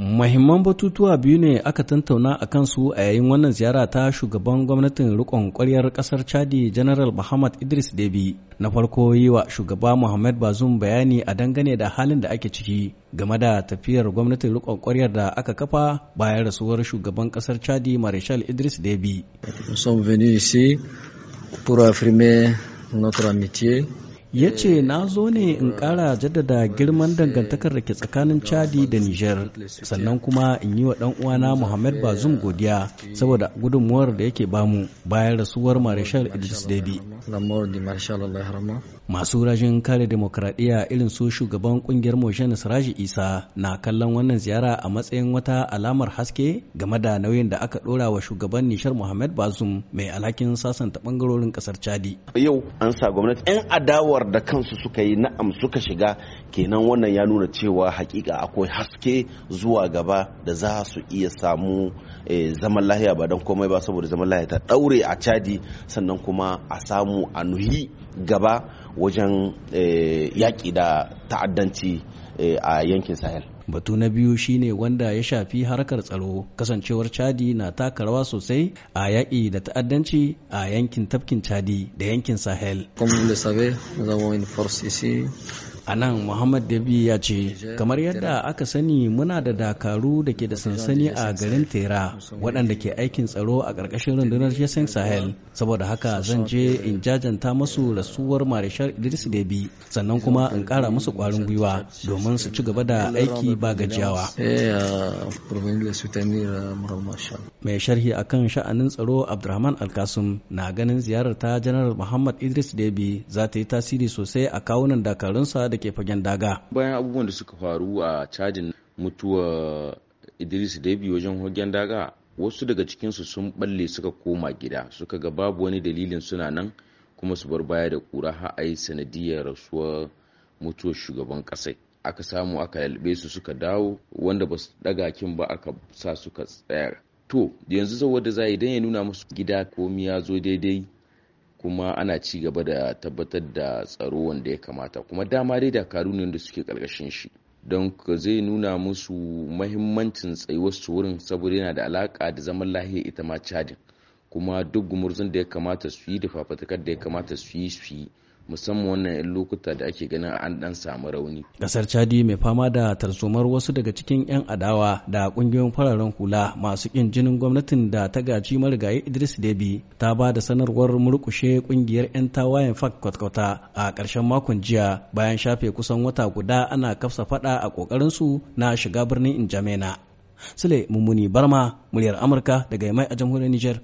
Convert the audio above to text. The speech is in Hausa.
Mahimman batutuwa biyu ne aka tantauna a kansu a yayin wannan ziyara ta shugaban gwamnatin rikon ƙwaryar kasar Chadi General Muhammad Idris Debi na farko yi wa shugaba Muhammad Bazoum bayani a dangane da halin da ake ciki game da tafiyar gwamnatin rikon kwaryar da aka kafa bayan rasuwar shugaban kasar Chadi Marshal Idris Debi. Nous sommes venus ici pour affirmer notre amitié ya ce na zo ne in ƙara jaddada girman dangantakar da ke tsakanin chadi da niger sannan kuma in yi wa ɗan uwana muhammad bazum godiya saboda gudunmuwar da yake bamu bayan rasuwar marshal idris debi masu rajin kare demokradiyya irin su shugaban kungiyar moshen siraji isa na kallon wannan ziyara a matsayin wata alamar haske game da nauyin da aka ɗora wa shugaban nishar muhammad bazum mai alhakin sasanta bangarorin kasar chadi yau an sa gwamnati addu'ar da kansu suka yi na'am suka shiga kenan wannan ya nuna cewa hakika akwai haske zuwa gaba da za su iya samu eh, zaman lahiya ba don komai ba saboda zaman lahiya ta daure a cadi sannan kuma a samu a nuhi gaba wajen eh, yaƙi da ta'addanci eh, a yankin sahel batu na biyu shine wanda ya shafi harkar tsaro kasancewar chadi na taka rawa sosai a yaƙi da ta'addanci a yankin tafkin chadi da yankin sahel a nan muhammad dabi ya ce kamar yadda aka sani muna da dakaru da ke da sansani a garin tera waɗanda ke aikin tsaro a ƙarƙashin rundunar jason sahel saboda haka zan je in jajanta masu rasuwar marishar idris debi sannan kuma in ƙara musu ƙwarin gwiwa domin su ci gaba da aiki ba gajiyawa mai sharhi akan sha'anin tsaro abdurrahman alkasum na ganin ziyarar ta janar muhammad idris debi za ta yi tasiri sosai a kawunan dakarunsa da ke fagen daga bayan abubuwan da suka faru a cajin mutuwa idris debi wajen fagen daga wasu daga cikinsu sun balle suka koma gida suka ga babu wani dalilin suna nan kuma su bar baya da kura har a yi sanadiyar rasuwar mutuwar shugaban kasai aka samu aka lalbe su suka dawo wanda ba su daga kin ba aka sa suka tsayar to yanzu saboda za yi don ya nuna musu gida komi ya zo daidai kuma ana ci gaba da tabbatar da tsaro wanda ya kamata kuma dama dai dakaru ne da suke karkashin shi don zai nuna musu mahimmancin tsayuwar su wurin saboda yana da alaka da zaman lahiya ita ma cadin kuma duk gumurzun da ya kamata su yi da fafatakar da ya kamata su yi su yi musamman wannan 'yan lokuta da ake ganin an dan samu rauni. Kasar Chadi mai fama da tarsomar wasu daga cikin 'yan adawa da kungiyoyin fararen hula masu kin jinin gwamnatin da ta gaci marigayi Idris Debi ta ba da sanarwar murkushe kungiyar 'yan tawayen fak kwatkwata a karshen makon jiya bayan shafe kusan wata guda ana kafsa fada a kokarin su na shiga birnin Injamena. Sule Mummuni Barma, muryar Amurka daga Yamai a jamhuriyar Nijar.